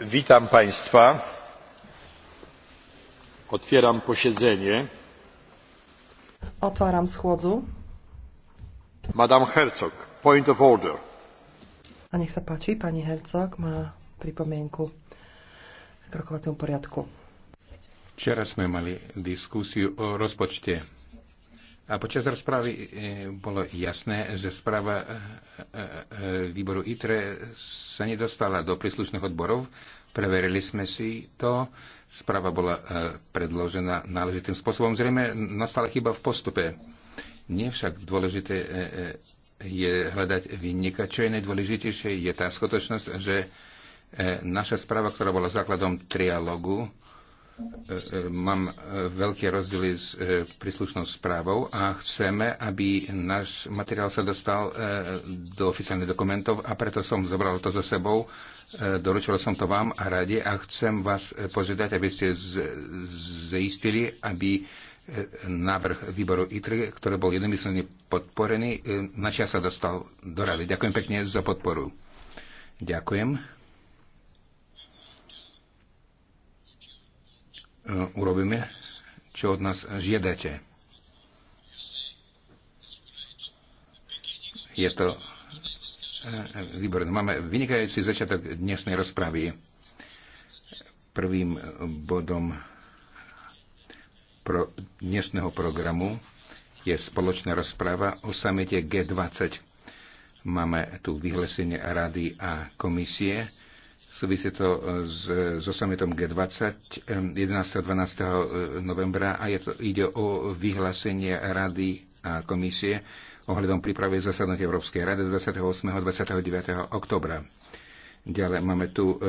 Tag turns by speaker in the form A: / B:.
A: Witam Państwa. Otwieram posiedzenie. Otwieram schłodzu. Madame Herzog, point of order. A niech sa páči, pani Hercog má pripomienku k rokovatému poriadku. Včera sme mali diskusiu o rozpočte a počas rozpravy e, bolo jasné, že správa e, e, výboru ITRE sa nedostala do príslušných odborov. Preverili sme si to. Správa bola predložená náležitým spôsobom. Zrejme nastala chyba v postupe. Nie však dôležité je hľadať vynika. Čo je najdôležitejšie, je tá skutočnosť, že naša správa, ktorá bola základom trialogu, E, e, mám e, veľké rozdiely s príslušnou správou a chceme, aby náš materiál sa dostal do oficiálnych dokumentov a preto som zobral to za sebou. Doručil som to vám a rade a chcem vás požiadať, aby ste zaistili, aby návrh výboru ITRE, ktorý bol jednomyslne podporený, čas sa dostal do rady. Ďakujem pekne za podporu. Ďakujem. E, urobíme, čo od nás žiadate. Je to e, výborné. Máme vynikajúci začiatok dnešnej rozpravy. Prvým bodom pro dnešného programu je spoločná rozpráva o samete G20. Máme tu vyhlesenie Rady a komisie Súvisí to e, s, so samitom G20 11. E, a 12. E, novembra a je to, ide o vyhlásenie Rady a komisie ohľadom prípravy zasadnutia Európskej rady 28. a 29. oktobra. Ďalej máme tu